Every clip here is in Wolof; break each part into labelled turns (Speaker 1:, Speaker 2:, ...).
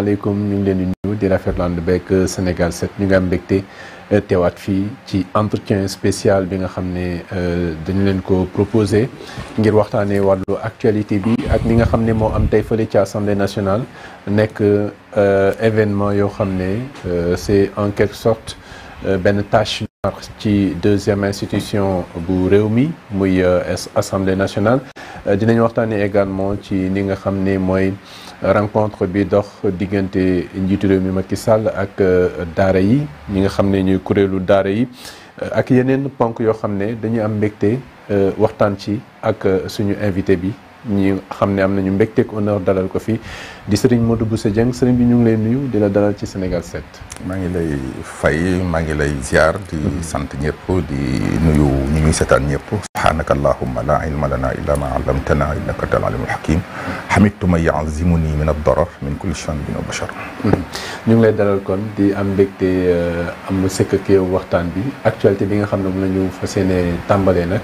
Speaker 1: maaleykum ñu ngi leen di nuyu di rafetlu ànd beeg Sénégal 7 ñu ngi am mbégte euh, teewaat fi ci entretien spécial bi nga xam ne euh, dañu leen ko proposé ngir waxtaanee wàllu actualité bi ak li nga xam ne moo am tey fële ci assemblée nationale nekk euh, événement yoo xam ne c'est en quelque sorte benn tâche noire ci deuxième institution bu réew mi muy assemblée nationale dinañ waxtaanee également ci li nga xam ne mooy. rencontre bi dox diggante njiitu réew mi Macky Sall ak euh, daara yi ñi nga xam ne ñuy kuréelu daara yi euh, ak yeneen ponk yoo xam ne dañuy am mbégte euh, waxtaan ci ak suñu invité bi ñi xam ne am nañu mbégteeg honneur dalal ko fi di sëriñ Modou Bousso Dieng sëriñ bi ñu ngi lay nuyu di la dalal ci Sénégal 7. maa ngi lay fay maa ngi lay ziar. di
Speaker 2: mm-hmm. sant ñëpp di nuyu ñu ñuy seetaan ñëpp. subhanaka allahumma la ilma lana illa ma allamtana innaka antal alimul hakim hamidtu ma yaazimuni min ad-darar min kulli shanbin wa
Speaker 1: bashar ñu ngi lay dalal kon di am mbégte euh, am sekk ak yow waxtaan bi actualité bi nga xam ne mën nañu fas yéene tàmbalee nag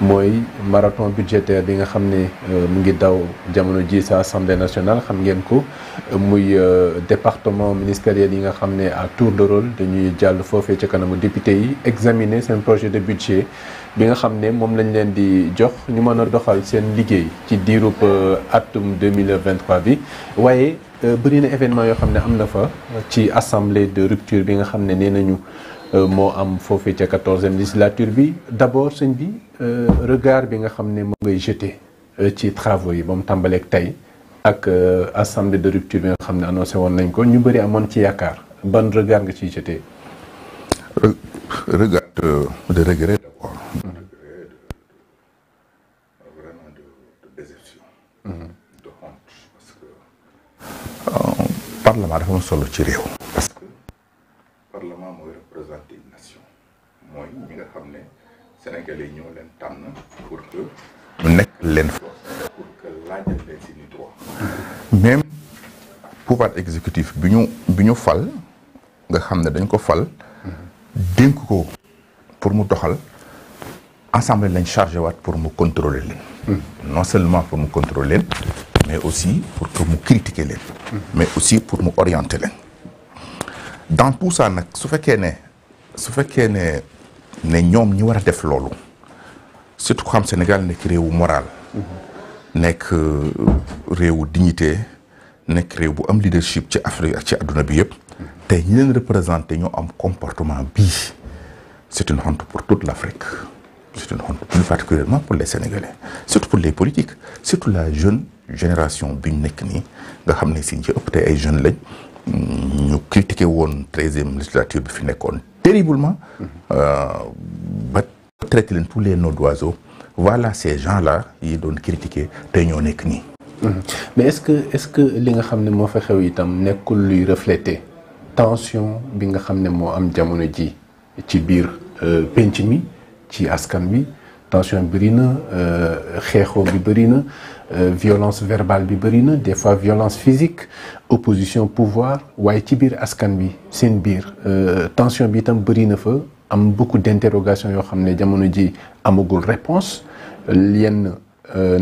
Speaker 1: mooy maraton budgétaire bi nga xam ne euh, mu ngi daw jamono ji sa assemblée nationale xam ngeen ko euh, muy euh, département ministériel yi nga xam ne à tour de rôle dañuy jàll foofee ca kanamu député yi examiner seen projet de budget bi nga xam ne moom lañ leen di jox ñu mën a doxal seen liggéey ci diirub atum 2023 bi waaye bëri na événement yoo xam ne am na fa ci assemblée de rupture bi nga xam ne nee nañu Euh, moo am foofee ca quatorzième législature bi d'abord sëñ bi euh, regard bi nga xam ne moom ngay jeté euh, ci travaux yi ba mu tàmbaleeg tey ak assemblée de rupture bi nga xam ne annoncé woon nañ ko ñu bëri amoon ci yaakaar ban regard nga ciy jeté.
Speaker 2: regard de regret d'abord. parlement dafa am solo ci réew. mooy ñi nga xam ne sénégalais ñoo leen tànn pour que ñu nekk leen pour que laajal leen seeni droit même pouvoir exécutif bi ñu bi ñu fal nga xam ne dañ ko fal dénk ko pour mu doxal assemblée lañ chargé pour mu contrôler leen hmm. non seulement pour mu contrôler leen mais aussi pour que mu critiquer leen hmm. mais aussi pour mu orienter leen dans tout ça nag su fekkee ne su fekkee ne ne ñoom ñi war a def loolu surtout xam Sénégal nekk réewu moral nekk euh, réewu dignité nekk réew bu am leadership ci Afrique ci àdduna bi yëpp tey ñi leen représenté ñoo am comportement bii c'est une honte pour toute l'Afrique c'est une honte plus particulièrement pour les Sénégalais surtout pour les politiques surtout la jeune génération bi ñu nekk nii nga xam ne si ñu ci ëpp tey ay jeunes lañ ñu critiqué woon treizième législature bi fi nekkoon terriblement, euh, ba traité leen tous les noms d'oiseaux voilà ces gens la yi doon critiquer te ñoo nekk nii.
Speaker 1: Mhm. mais est-ce que est-ce que li nga xam ne moo fa xew itam nekkul luy refléter tension bi nga xam ne moo am jamono ji ci biir euh, penc yi ci askan wi. tension bi bëri na euh, xeexoo bi bëri na euh, violence verbale bi bëri na des fois violence physique opposition pouvoir waaye ci biir askan bi seen biir euh, tension bi itam bëri na fa am beaucoup d'interrogations yoo xam ne jamono ji amagul réponse yenn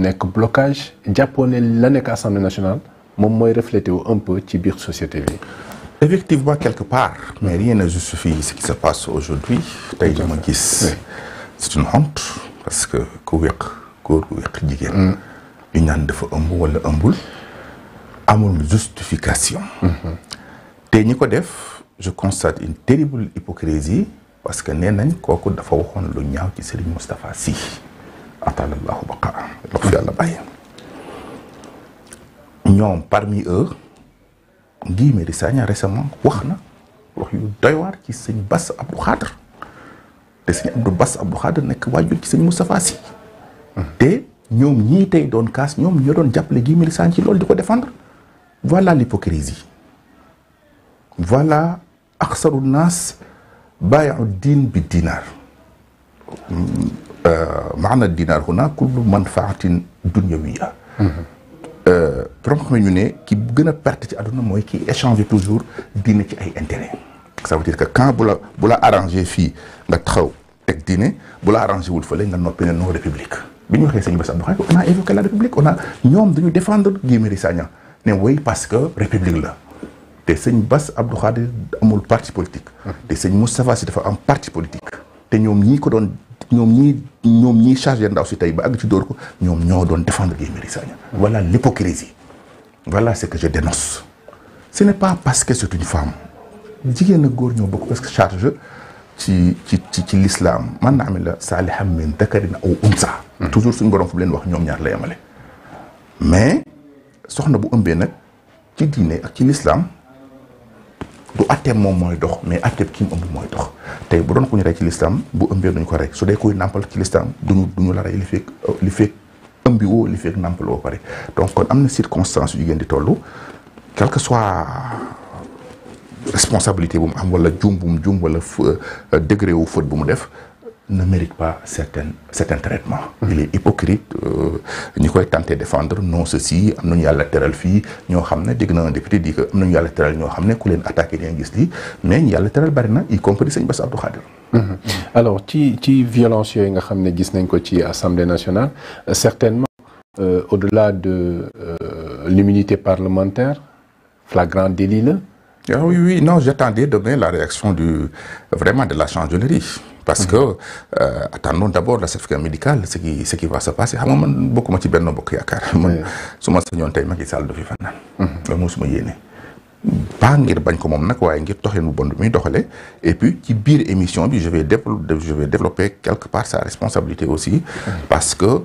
Speaker 1: nekk blocage jàppoo ne la nekk assemblée nationale moom mooy reflété wu un peu ci biir société bi effectivement quelque part mais rien ne justifie ce qui se passe aujourd'hui
Speaker 2: tey dama gis c'est une honte parce que ku weq ku weq jigéen mm. ñu ñaan dafa ëmb wala ëmbul amul justification mm-hmm. te ñi ko def je constate une terrible hypocrisie parce que nee nañ kooku dafa waxoon lu ñaaw ci Serigne Moustapha si atalallahu baqa la ko fi ñoom parmi eux Guy Marius Sagna récemment wax na wax yu doy waar ci sëñ Bass Abdou Khadre te sëñ Abdou Bass Abdou Khadre nekk waajur ci sëñ Moustapha Sy te ñoom ñii tey doon kaas ñoom ñoo doon jàppale Guy Marius Sagna ci loolu di ko défendre voilà l'hypocrisie voilà aksaru naas baayaxu diin bi dinaar euh, maana dinaar huna kullu manfaatin dunyawiya euh, borom xam ñu ne ki gën a perte ci àdduna mooy ki échange toujours diine ci ay intérêt ça veut que quand bu la bu la arrangé fii nga taxaw teg diine bu la arrangé fële nga noppi ne non république bi ñu waxee sañ Bass Abdou Khadre on a évoqué la république on a ñoom dañu défendre Guy Marius ne oui parce que république la te sëñ Bass Abdou Khadre amul parti politique te sëñ Moustapha Sy dafa am parti politique te ñoom ñii ko doon ñoom ñii ñoom ñii chargé ndaw si tey ba àgg ci dóor ko ñoom ñoo doon défendre Guy Marius Sagna voilà l'hypocrisie voilà ce que je dénonce ce n'est pas parce que c'est une femme jigéen ak góor ñoo bokk parce que charge ci ci ci ci l'islam man na amila saalihan min dakarin aw unsa hmm. toujours suñ borom fu leen wax ñoom ñaar la yemale mais soxna bu ëmbee nag ci diine ak ci l'islam du atteem moom mooy dox mais atteem ki mu ëmb mooy dox tey bu doon ko ñu rey ci l'islam bu ëmbee duñ ko rey su koy nàmpal ci l'islam duñu duñu la rey li feeg li feeg ëmbi woo li feeg nàmpal woo pare donc kon am na circonstance yu jigéen di toll quel soit responsabilité bu mu am wala juum bu mu juum wala euh, euh, degré wu faute bu mu def ne mérite pas certain certain traitement il est hypocrite euh, ñi koy tenté défendre no ceci am nañu yàlla teral fii ñoo xam ne dégg na un député di nañu yàlla
Speaker 1: teral ñoo xam ne ku leen attaqué leen gis lii mais ñu yàlla teral bari na y compris sëñ Bass Abdou Khadir alors ci ci violence yooyu nga xam ne gis nañ ko ci assemblée nationale certainement au-delà de l'immunité parlementaire flagrant délit
Speaker 2: la Ah oui, oui, non, j'attendais demain la réaction du, vraiment de la chancellerie. parce que euh, attendons d'abord la certificat médical ce qui ce qui va se passer xam ah, nga man bokkuma ci benn bokk yaakaar. man su ma sañoon tey Macky Sall du fi fanaan. Mhm. loolu mooy suma yéene. baa ngir bañ ko moom nag waaye ngir toxin bu bon bi muy doxalee et puis ci biir émission bi je vais développer je vais développer quelque part sa responsabilité aussi. parce que